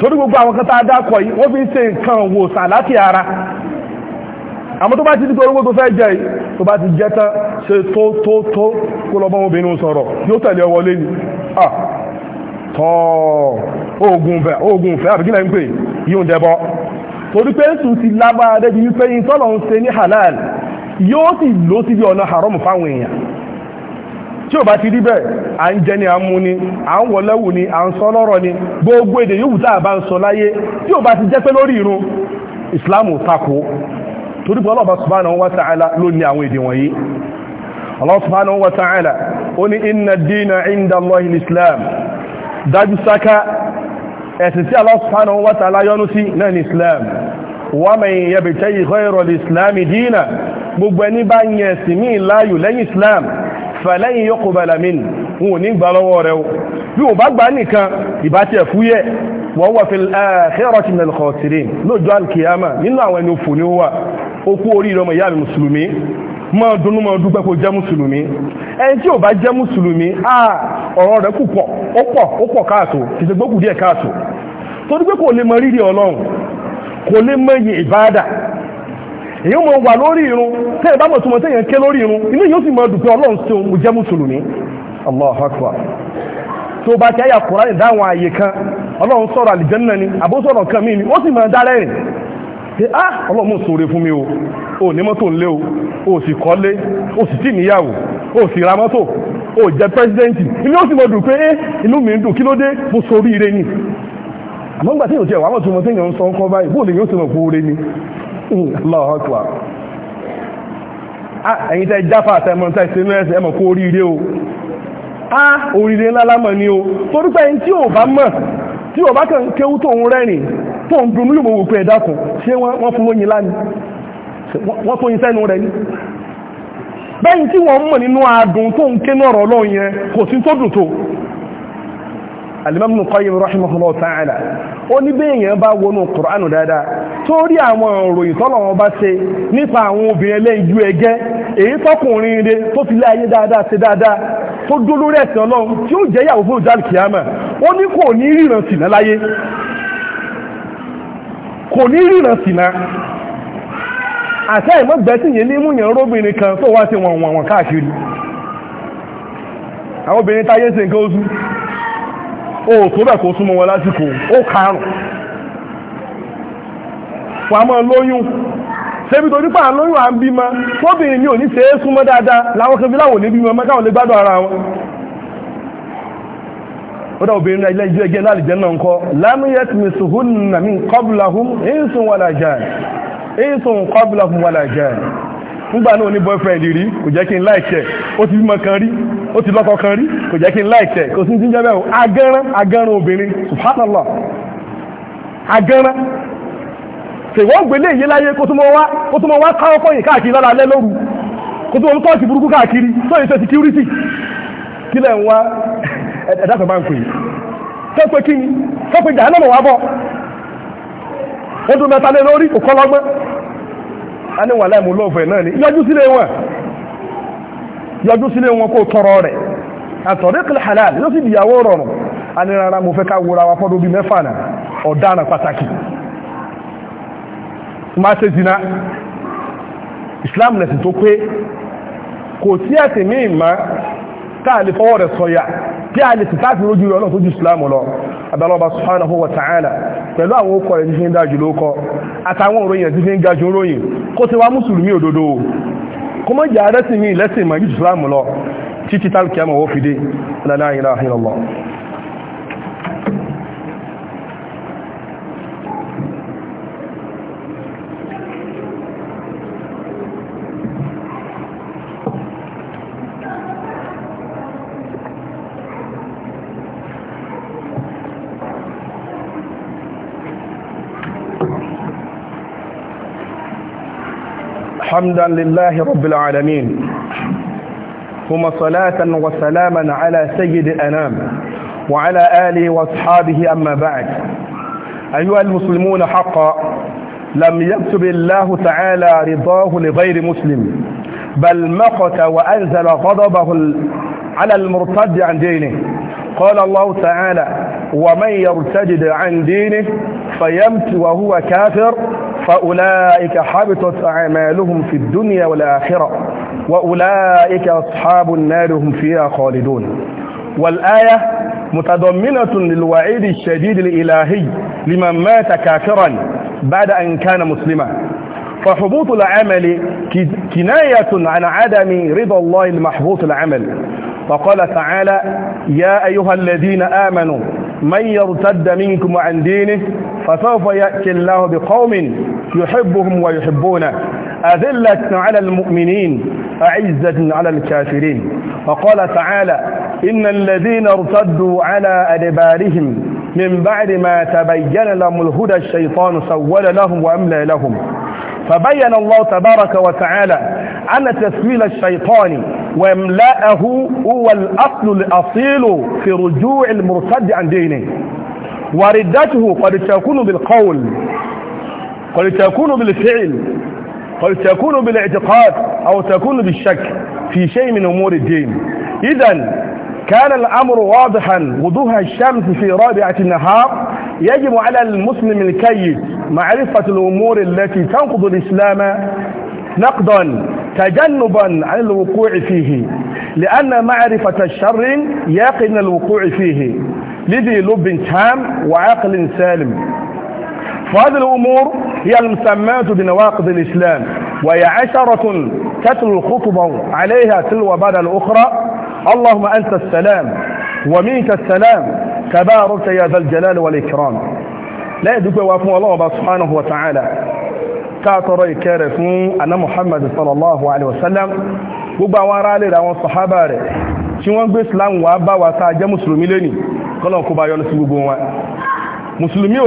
torí gbogbo àwọn kan tá a dákọ̀ yìí wọ́n fi ń ṣe nǹkan wòsàn láti ara àmọ́ tó bá ti dípò orúgbó tó fẹ́ jẹ́ tó bá ti jẹ́ tán ṣe tó tó tó kó lọ bọ́n obìnrin sọ̀rọ̀ yóò tẹ̀lé ọwọ́ lé ní ah, tọ́ oògùn ìfẹ́ àbíkílẹ̀ ń pè yíò ń dẹbọ́ torí pé èsù ti lágbára débi wípé yín tọ́lọ̀ ń ṣe ní halal yóò sì lọ sí bí ọ̀nà haram fáwọn èèyàn tí ò bá ti rí bẹ́ẹ̀ à ń jẹ ni à ń mu ni à ń wọlẹ́wù ni à ń sọ lọ́rọ̀ ni gbogbo èdè yòówù tá a bá ń sọ láyé tí ò bá ti jẹ́ pé lórí irun Islam ò takò torí pé Allah subhanahu wa ta'ala ló ní àwọn èdè wọ̀nyí Allah subhanahu wa ta'ala ó ní inna dina inda Allahi islam dájú sáká ẹ̀sìn tí Allah subhanahu wa ta'ala yọ́nú sí náà ní islam fàlẹ́yìn yóò kò bàlá mi n ò ní gbà lọ́wọ́ rẹ̀ o bí o bá gbà nìkan ìbá tiẹ̀ fúyẹ́ wọ́n wà fi akhirati min al-khasirin lóòjọ́ alkiyama nínú àwọn ẹni òfò ni ó wà ó kú oríire ìyá mi mùsùlùmí máa dunnú máa dúpẹ́ kó jẹ́ mùsùlùmí ẹni tí ò bá jẹ́ mùsùlùmí ọ̀rọ̀ rẹ̀ kù pọ̀ ó pọ̀ ó pọ̀ káàtó kìsìgbókù díẹ̀ káàtó torí pé kò lè mọ rírì ọlọ́run kò lè mọ iye ìbáadà èyí mọ wà lórí irun tẹ́yìn bá mọ̀ túnmọ̀ tẹ́yìn ké lórí irun inú yóò sì mọ̀ dùn pé ọlọ́run sí òun jẹ́ mùsùlùmí tó bá kan ọlọ́run sọ̀rọ̀ ni àbó sọ̀rọ̀ kan mí ni ó sì mọ̀ pé ah, ọlọ́run fún mi o ò ní mọ́tò ńlé o ò sì kọ́lé ò sì tí níyàwó ò sì ra mọ́tò ò jẹ́ inú sì mọ̀ dùn pé eh, inú mi ń dùn kí ló dé mo sọ oríire ni àmọ́ tí yóò ni Allahu Akbar ah, ẹ̀yin tẹ́ jáfà tẹ́mọ̀ tẹ́ sí mẹ́rẹ́ sí ẹmọ̀ kó oríire o a ah, oríire ńlá lámọ̀ ni o tó dúpẹ́ yín tí ò bá mọ̀ tí ò bá kàn kéwú tó ń rẹ́rìn tó ń dùn lùmọ̀ òkú ẹ̀dá kan ṣé wọ́n fún lóyin láni wọ́n tó yin sẹ́nu rẹ̀ ni bẹ́yìn tí wọ́n mọ̀ nínú adùn tó ń ké náà alimami Qayyim rahimahullah ta'ala ó ní bẹ́ẹ̀ yẹn bá wọnú Qur'anu dáadáa tó rí àwọn ìròyìn tọ́lọ̀ wọn bá ṣe nípa àwọn obìnrin ẹlẹ́yinjú ẹgẹ́ èyí tọkùnrin rẹ tó fi lé ayé dáadáa ṣe dáadáa tó dó lórí ẹ̀sìn ọlọ́run tí ó jẹ́ ìyàwó fún ìjàlù kìámà ó ní kò ní ríran sìnà láyé kò ní ríran sìnà àṣẹ ìmọ̀gbẹ́sìn yẹn ní múyàn róbìnrin kan tó wá sí wọn wọn wọn káàkiri àwọn obìnrin táyé ṣe nǹkan oṣù o tó bẹ̀ kó súnmọ́ wọn lásìkò ó karùn a máa lóyún ṣebí torí pà lóyún à ń ma tóbìnrin mi ò ní ṣe súnmọ́ dáadáa láwọn kan fi láwọn ò gbádùn ara wọn ó dá obìnrin ilé ìjọ ẹgẹ náà lìjẹ náà ńkọ lámúyẹ tí mi nàmí kọbùlàhùn èyí sùn nígbà náà ní boyfriend rí kò jẹ́ kí n like ẹ̀ ó ti bímọ kan rí ó ti lọ́kọ kan rí kò jẹ́ kí n like kò sí ti ń jẹ́ o agẹ́rán agẹ́rán obìnrin subhanallah agẹ́rán ṣèwọ́n gbélé ìyé láyé kó tó mọ wá kó tó mọ wá káwọ́ pọ̀yìn káàkiri lára alẹ́ lóru kó tó mọ tọ́ọ̀sì burúkú káàkiri tó yẹ ṣe security kí lẹ̀ ń wá ẹ̀dá kan bá ń pè é tó pé kí ni tó pé jà náà wà bọ̀ ó dún mẹ́ta lé lórí òkọ́ lọ́gbọ́n a ní wà láìmú lọ́ọ̀fẹ́ náà ni yọjú sílé wọn yọjú sílé wọn kó tọrọ rẹ̀ àtọ̀rẹ́kìlẹ̀ halal ló sì dìyàwó rọrùn a ní rárá mo fẹ́ ká wúra wa fọ́dún bí mẹ́fà náà ọ̀daràn pàtàkì má ṣe zina islam lẹ̀sìn tó pé kò sí ẹ̀sìn míì má táà lè fọwọ́ rẹ̀ sọ̀yà tí a lè sì táàfi pẹ̀lú àwọn okọ̀ rẹ̀ tí fi ń dájú ló kọ àtàwọn òròyìn tí fi ń gajù ròyìn kó ti wá mùsùlùmí òdodo kó mọ́ jẹ́ arẹ́sìn mi lẹ́sìn mọ́ ìjùsùlámù lọ títí tálkì àmọ̀ wọ́fìdé la ilaha illallah حمدا لله رب العالمين ثم صلاة وسلاما على سيد الأنام وعلى آله وأصحابه أما بعد أيها المسلمون حقا لم يكتب الله تعالى رضاه لغير مسلم بل مقت وأنزل غضبه على المرتد عن دينه قال الله تعالى ومن يرتد عن دينه فيمت وهو كافر فأولئك حبطت أعمالهم في الدنيا والآخرة وأولئك أصحاب النار هم فيها خالدون والآية متضمنة للوعيد الشديد الإلهي لمن مات كافرا بعد أن كان مسلما فحبوط العمل كناية عن عدم رضا الله المحبوط العمل فقال تعالى يا أيها الذين آمنوا من يرتد منكم عن دينه فسوف يأتي الله بقوم يحبهم ويحبونه أذلة على المؤمنين أعزة على الكافرين وقال تعالى إن الذين ارتدوا على أدبارهم من بعد ما تبين لهم الهدى الشيطان سول لهم وأملى لهم فبين الله تبارك وتعالى أن تسويل الشيطان واملأه هو الأصل الأصيل في رجوع المرتد عن دينه وردته قد تكون بالقول قد تكون بالفعل قد تكون بالاعتقاد أو تكون بالشك في شيء من أمور الدين إذا كان الأمر واضحا وضوح الشمس في رابعة النهار يجب على المسلم الكيد معرفة الأمور التي تنقض الإسلام نقضا تجنبا عن الوقوع فيه لأن معرفة الشر يقن الوقوع فيه لذي لب تام وعقل سالم فهذه الأمور هي المسمات بنواقض الإسلام وهي عشرة تتلو الخطبة عليها تلو بعد الأخرى اللهم أنت السلام ومنك السلام تبارك يا ذا الجلال والإكرام lẹ́ẹ̀dúpẹ́ wa fún Ọlọ́run Ọba subhanahu wa ta'ala káàtọrọ ìkẹrẹ fún ana Muhammad sallallahu alaihi wasallam gbogbo àwọn ará lè awon sàhábà rẹ̀ tí wọ́n gbé Islam wá bá wa tá jẹ́ mùsùlùmí lẹ́ni kọ́nà bá sí gbogbo wọn mùsùlùmí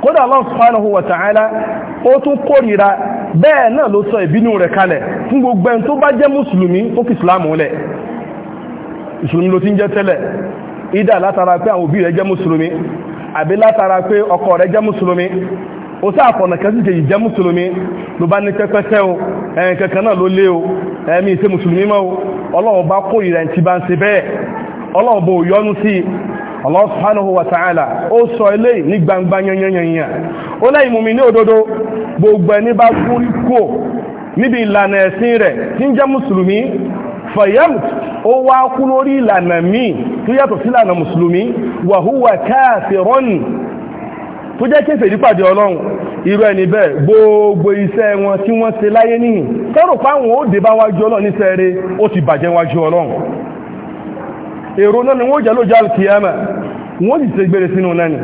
kódà Allah subhanahu wa ta'ala ó tún kórìíra bẹ́ẹ̀ náà ló sọ ìbínú rẹ̀ kalẹ̀ fún gbogbo ẹni tó bá jẹ́ mùsùlùmí tó kì ìsìlámù lẹ̀ ìsìlámù ló ti ń jẹ́ tẹ́lẹ̀ ìdá látara pé àwọn òbí rẹ̀ jẹ́ mùsùlùmí àbí látara pé ọkọ rẹ̀ jẹ́ mùsùlùmí ó sáà fọ̀nà kẹsì kejì jẹ́ mùsùlùmí ló bá ní pẹ́pẹ́tẹ́ Allah subhanahu wa ta'ala ó sọ ilé ní gbangba yanyanyanya ó lẹ́yìn mùmí ní òdodo gbogbo ẹni bá gúrí kúò níbi ìlànà ẹ̀sìn rẹ̀ tí ń jẹ́ mùsùlùmí fayyamt ó wá kú lórí ìlànà míì tó yàtọ̀ sí ìlànà mùsùlùmí wa huwa tó jẹ́ kéfèrí pàdé ọlọ́run irú ẹni bẹ́ẹ̀ gbogbo iṣẹ́ wọn tí wọ́n ṣe láyé níhìn tọ́rọ̀ páwọn ó dé bá wájú ọlọ́run níṣẹ́ rẹ̀ ó ti bàjẹ́ wájú ọlọ́run èrò náà ni wọ́n jẹ́ lójá alkiyama wọ́n sì ṣe gbére sínú náà ni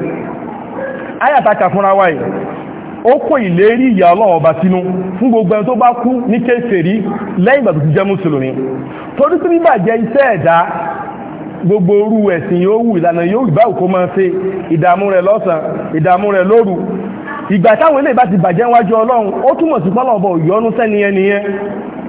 ayàtàkà fúnra wáyé ó kó ìlérí ìyà ọlọ́wọ́ bá sínú fún gbogbo ẹni tó bá kú ní kéfèrí lẹ́yìn ìgbà tó ti jẹ́ mùsùlùmí torí tí bíbà jẹ́ iṣẹ́ ẹ̀dá gbogbo orú ẹ̀sìn táwọn eléyìí bá ti bàjẹ́ wájú ọlọ́run ó túmọ̀ sí pọ́lọ̀ ọ̀bọ̀ ìyọnu sẹ́niyẹn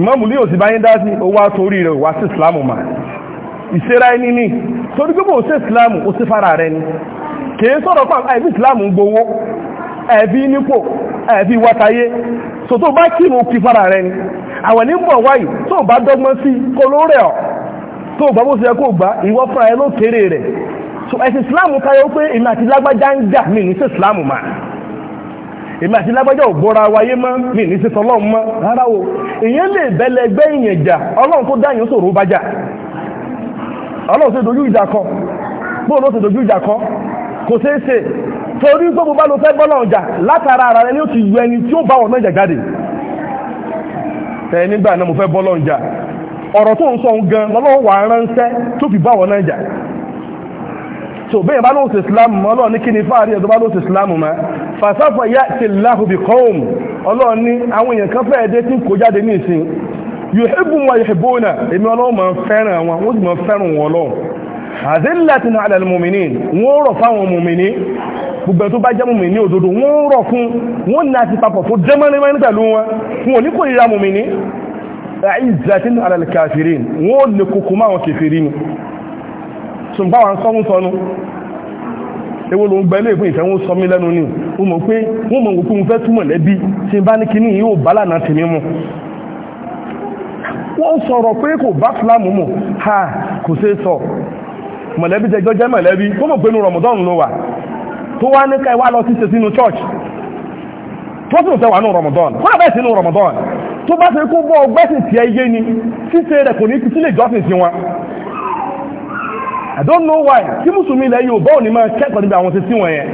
ìmọ̀mù ní òsì báyìí dá sí owó àtòrí rẹ̀ wá sí ìsìlámù mà ìṣẹ́ra ẹni ní torí pé kò sí ó sì fara rẹ̀ ni kì í sọ̀rọ̀ pàm àìbí ìsìlámù ń gbowó ẹ̀bí nípò ẹ̀bí wátayé so tó bá kírun kí fara rẹ̀ ni àwọn ní bọ̀ wáyìí tó bá dọ́gbọ́n sí kolórẹ̀ ọ̀ tó bá bó ṣe kó gbá ìwọ fúnra ẹ ló kéré rẹ̀ so ẹ̀sìn èmi àti lágbájá ò waye wáyé mọ́ mi ní sísọ ọlọ́run mọ́ rárá o èèyàn lè bẹ́lẹ̀ gbẹ́ ìyẹn jà ọlọ́run tó dá yẹn sọ̀rọ̀ bá jà ọlọ́run tó dojú ìjà kọ bóun ló ti dojú ìjà kọ kò ṣeé ṣe torí gbogbo bá ló fẹ́ gbọ́nà ọjà látara ara rẹ ni ó ti yọ ẹni tí ó bá wọn náà jà jáde ẹ nígbà náà mo fẹ́ bọ́lọ́ ọjà ọ̀rọ̀ tó ń sọ gan lọ́lọ́wọ́ wà ránṣẹ́ fi bá wọn náà jà so bẹ́ẹ̀ bá lóòsì islam mọ́ ọlọ́run ní kí ni fáàrí ẹ̀ tó bá lóòsì islam mọ́ fàṣàfà yá ti láhùbì kọ́ọ̀mù ọlọ́run ní àwọn èèyàn kan fẹ́ẹ̀ dé tí kò jáde ní ìsìn yòhébù wọn yòhébù náà èmi ọlọ́run máa ń fẹ́ràn wọn wọ́n sì máa ń fẹ́ràn wọn lọ àzílàtì náà àdàlù mùmìnì wọ́n rọ̀ fáwọn mùmìnì gbogbo tó bá jẹ́ mùmìnì òdodo wọ́n rọ̀ fún wọ́n náà ti papọ̀ fún dẹ́mọ́rẹ́mọ́rin pẹ̀lú wọn fún òní kò ríra mùmìnì àìzàtì náà àdàlù kàfìrí wọ́n lè kòkó máwọn kèfèrí ni ṣùgbọ́n àwọn sọ́mú sọnù ewo ló ń gbẹ́lé ìpín ìfẹ́ wọn sọ mí lẹ́nu ni mo mọ̀ pé wọ́n mọ̀ òkú fẹ́ túmọ̀ lẹ́bí tí bá ní kíní yóò bá lànà tèmi mu wọ́n sọ̀rọ̀ pé kò bá fúlàmù mu ha kò ṣe sọ mọ̀lẹ́bí jẹjọ́ jẹ́ mọ̀lẹ́bí tó mọ̀ pé nu rọ̀mọ̀dọ́n ló wà tó wá ní káíwá lọ síse sínú church tó sì fẹ́ wà ní rọ̀mọ̀dọ́n tó rẹ̀ bẹ́ẹ̀ sínú rọ̀mọ̀dọ́n tó bá ṣe kó bọ́ ọgbẹ́sìn tí ẹ yé ni ṣíṣe rẹ̀ kò ní ti sílé ìjọsìn sí wọn I don't know why kí mùsùlùmí ilẹ̀ Yorùbá ò ní máa kẹ́kọ̀ọ́ níbi àwọn títí wọn yẹn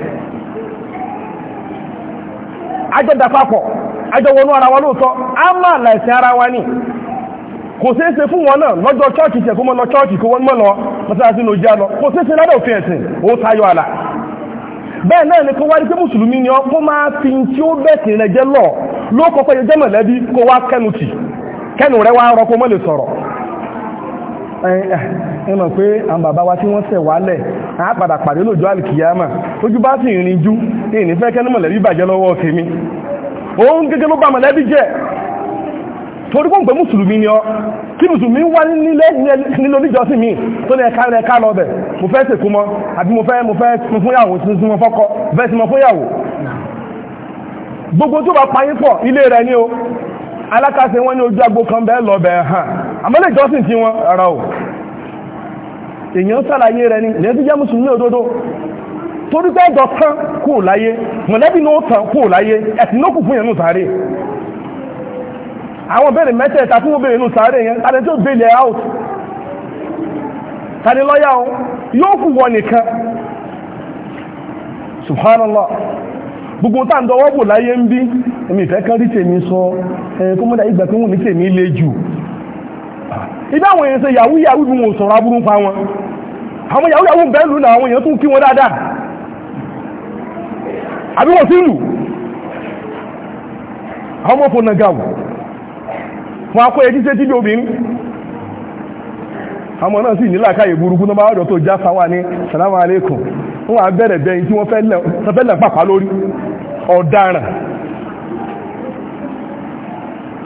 ajọ́ dapapọ̀ ajọ́ wọnú ara wa lóòótọ́ a máa láìsìn ara wa ní kò ṣeé ṣe fún wọn náà lọ́jọ́ chọ́ọ̀kì tẹ̀ kó mọ́ lọ chọ́ọ̀kì kó wọ́n mọ́ lọ mọ́sálásí ló jẹ́ lọ kò ṣeé ṣe ládọ̀ òfin ẹ̀sìn ó tayọ àlà bẹ́ẹ̀ náà ni kó wá rí pé mùsùlùmí ni ọ kó máa fi tí ó bẹ̀sìn rẹ̀ jẹ́ lọ ló kọ́kọ́ yẹ jẹ́ mọ̀lẹ́bí kó wá kẹnu tì kẹnu rẹ̀ wá rọ kó mọ́ lè sọ̀rọ̀ Eh, ẹ pé àwọn bàbá wa tí wọ́n sẹ̀ wálẹ̀ a padà pàdé lọ́jọ́ àlìkìyàmà ojú bá sì rìn jú èyí fẹ́ kẹ́nu mọ̀lẹ́bí bàjẹ́ lọ́wọ́ tèmi òun gẹ́gẹ́ ló bá mọ̀lẹ́bí jẹ́ torí pọ́n ni ọ kí mùsùlùmí nílé mi alákàṣe wọn ojú kan lọ àmọ́lẹ̀ ìjọsìn tí wọ́n ara ò èyàn sàlàyé rẹ ni èyàn ti jẹ́ mùsùlùmí òdodo torí pé ẹjọ́ tán kò láyé mọ̀lẹ́bí ní ó tán kò láyé ẹ̀sìn ló kù fún yẹn nù sáré àwọn ìbéèrè mẹ́tẹ̀ẹ̀ta tí wọ́n béèrè nù sáré yẹn tàbí tó bèèrè out tàbí lọ́yà o yóò kù wọ nìkan subhanallah gbogbo tá à ń dọwọ́ bò láyé ń bí èmi ìfẹ́ kan rí tèmi sọ ẹ̀ẹ́dẹ́gbẹ́mọ́dá ìgbà pé wọ́n ní tèmi le jù ibi àwọn èèyàn ṣe yahoo yahoo ni wọn ò sọ̀rọ̀ aburú pa wọn àwọn yahoo yahoo bẹ́ẹ̀ lù náà àwọn èèyàn tún kí wọn dáadáa àbí wọn sí lù àwọn ọmọ fún nàgàwù wọn akọ ẹjí sétí bí obìnrin àwọn náà sì nílà káyè burúkú tó bá ọ̀dọ̀ tó já sáwà ní salamu alaikum wọn àbẹ̀rẹ̀ bẹ́yìn tí wọ́n fẹ́ lẹ̀ pàpà lórí ọ̀daràn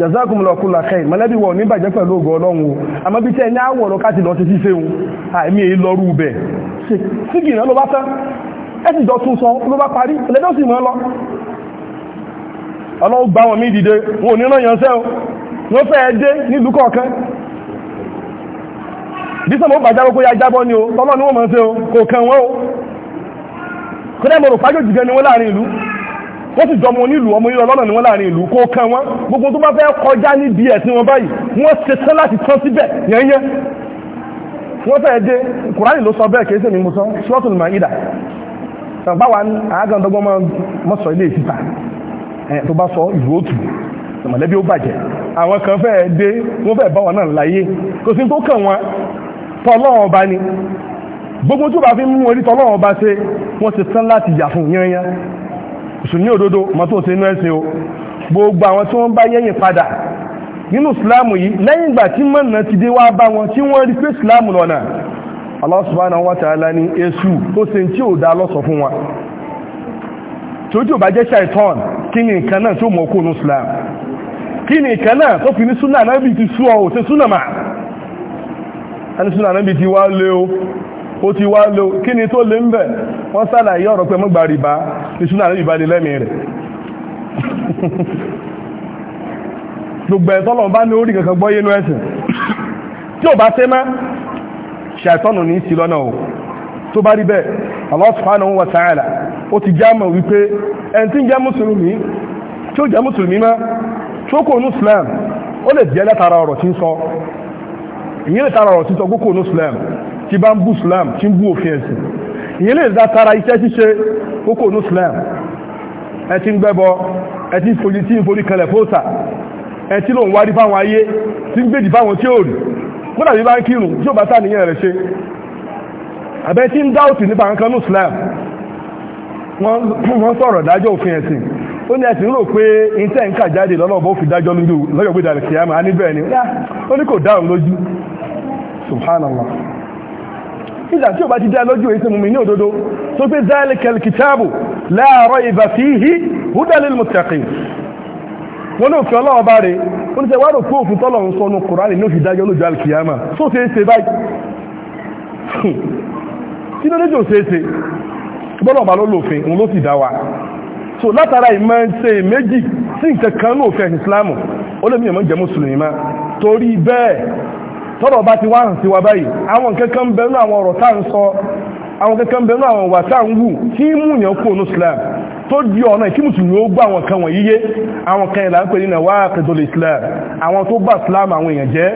jazakumullahu kulla khair mọ̀lẹ́bí wọ̀ ní bàjẹ́ pẹ̀lú ògo ọlọ́run o àmọ́ bí tẹ́ ní àwọ̀rọ̀ káti lọ sí síse òun àmì èyí lọ́rù bẹ̀ sígì náà ló bá tán ẹ sì jọ tún sọ ló bá parí lẹ́dọ́ sì mọ́ lọ ọlọ́run bá wọn mí dìde wọn ò ní ràn yànṣẹ́ o wọ́n fẹ́ dé nílùú kọ̀ọ̀kan bí sọ́mọ́ o tọ́lọ́ o kò kàn wọ́n o kó dẹ́ mọ̀rọ̀ fájò jìgẹ́ ni wọ́n láàrin ìlú wọ́n sì jọmọ onílù ọmọ yíra lọ́nà ni wọ́n láàrin ìlú kó kán wọn gbogbo tó bá fẹ́ kọjá níbi ẹ̀sìn wọn báyìí wọ́n ṣe tán láti tán síbẹ̀ yẹnyẹn wọ́n fẹ́ dé kùránì ló sọ bẹ́ẹ̀ kìí sẹ́mi musan Suratul Maida báwa ní àágàndọ́gbọ́n mọ́ sọ ilé ìsìta tó bá sọ ìlú òtù mọ̀lẹ́bí ó bàjẹ́ àwọn kan fẹ́ dé wọ́n fẹ́ báwa náà láyé kò sí tó kàn wọn tọ́lọ́wọ́n bá ní gbogbo tó bá fi mú orí tọ́lọ́wọ́n bá ṣe wọ́n ṣe tán láti yà fún yẹnyẹn mùsùlùmí òdodo mọ́tò ṣe inú ẹ̀sìn o gbogbo àwọn tí wọ́n bá yẹ́yìn padà nínú ìsìláàmù yìí lẹ́yìn ìgbà tí mọ́nà ti dé wá bá wọn tí wọ́n rí pé ìsìláàmù lọ́nà Allah subhanahu wa ta'ala ní èṣù tó ṣe tí ò dá lọ́sọ̀ fún wa tí ó tí ò bá jẹ́ ṣàìtàn kí ni nǹkan náà tí islam kí ni nǹkan náà tó fi ní súnà náà bí ti sú ọ ò ṣe súnà mà á ní súnà náà bí ti ó ti wá lo kí ni tó lè ń bẹ̀ wọ́n sàlàyé ọ̀rọ̀ pé mọ́gbà rìbá ìṣúná àrẹ ìbálẹ̀ lẹ́mìí rẹ̀ [LAUGHS] gbogbo ẹ̀ tọ́lọ̀ bá ní orí kankan gbọ́yé inú ẹ̀sìn tí ò bá ṣe má ṣàìtọ́nù ní ti lọ́nà o tó bá rí bẹ́ẹ̀ Allah subhanahu wa ta'ala ó ti já mọ̀ wípé ẹni tí ń jẹ́ mùsùlùmí tí ó jẹ́ mùsùlùmí má tó kò ní Islam ó lè jẹ́ látara ọ̀rọ̀ tí ń sọ ìyẹn látara ọ̀rọ̀ tí ń sọ kókò ní Islam tí bá ń bú islam tí ń bú òfin ẹ̀sìn ìyẹn lè dá tara iṣẹ́ ṣíṣe kókò ní islam ẹ ti ń gbẹ́bọ ẹ ti ń fojú tí ń forí kalẹ̀ fóòsà ẹ ti lòun wárí fáwọn ayé tí ń gbèdì fáwọn tí ò rí kódà bí bá ń kírun tí ò bá tà nìyẹn rẹ̀ ṣe àbẹ́ tí ń dáòtì nípa nǹkan ní islam wọ́n sọ̀rọ̀ dájọ́ òfin ẹ̀sìn ó ní ẹ̀sìn rò pé iṣẹ́ ń kà jáde lọ́nà ọ̀bọ̀ fi dájọ́ lójú lọ́yọ̀gbẹ́dà kìíyàmà á níbẹ̀ ni ó ní kò dáhùn lójú subhanallah nígbà tí ó bá ti dá lójú èyí tí mú mi ní òdodo tó pé zalikal kitabu la rayba fihi hudan lil muttaqin wọn ní òfin ọlọ́wọ́ bá rẹ̀ ó ní sẹ wá rò pé òfin tọ́lọ̀ ń sọ kùránì ní so látara ìmọ̀ ṣe méjì sí nǹkan kan ní òfin ìsìlámù ó lè mí ìmọ̀ jẹ́ tọ́rọ̀ bá ti wá hàn sí wa báyìí àwọn kankan bẹnu àwọn ọ̀rọ̀ tá ń sọ àwọn kankan bẹnu àwọn ìwà tá ń hù tí mú yàn kú ònú Islam tó di ọ̀nà ìkí mùsùlùmí ó gbá àwọn kan wọ̀nyí yé àwọn kan ìlà ń pè nínú wá kẹdọ̀lù Islam àwọn tó bá Islam àwọn èèyàn jẹ́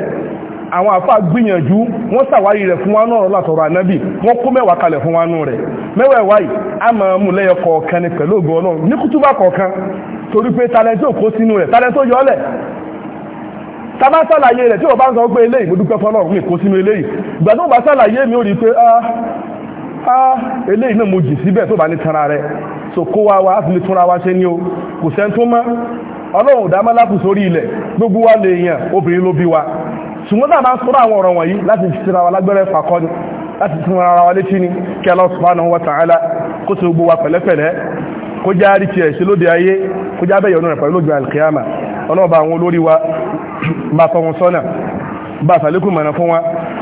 àwọn àfá gbìyànjú wọ́n ṣàwárí rẹ̀ fún wa náà látọ̀rọ̀ ànábì wọ́n kó mẹ́wàá kalẹ̀ fún wa nú rẹ̀ mẹ́wàá yìí a máa mú lẹ́yọ kọ̀ọ̀kan ní pẹ̀lú ògbọ́n náà ní kútúbà kọ̀ọ̀kan torí pé talẹ́ntì kó sínú rẹ̀ talẹ́ntì ó yọ tàbá sàlàyé rẹ̀ tí wọ́n bá ń sọ pé eléyìí mo dúpẹ́ fọlọ́run mi kó sínú eléyìí ìgbà tó bá sàlàyé mi ó rí i pé ah, ah eléyìí náà mo jì síbẹ̀ tó bá ní tanra rẹ̀ so kó wa wa láti lè túnra wa ṣe ni o kò sẹ́ni tó mọ́ ọlọ́run ò dá málákù sórí ilẹ̀ gbogbo wa lè yàn obìnrin ló bí wa ṣùgbọ́n tàbá sọ́rọ̀ àwọn ọ̀rọ̀ wọ̀nyí láti síra wa lágbẹ́rẹ́ fàkọ́ ni láti tún wa létí ní kí Allah subhanahu wa ta'ala kó ti gbogbo wa pẹ̀lẹ́pẹ̀lẹ́ kó já rí tiẹ̀ ṣe lóde ayé kó já bẹ́yọ̀ náà pẹ̀lú lójú alkiyama ọlọ́ọ̀bá àwọn olórí wa bá tọ́ wọn sọ́nà bá sàlékùn mọ̀nà fún wa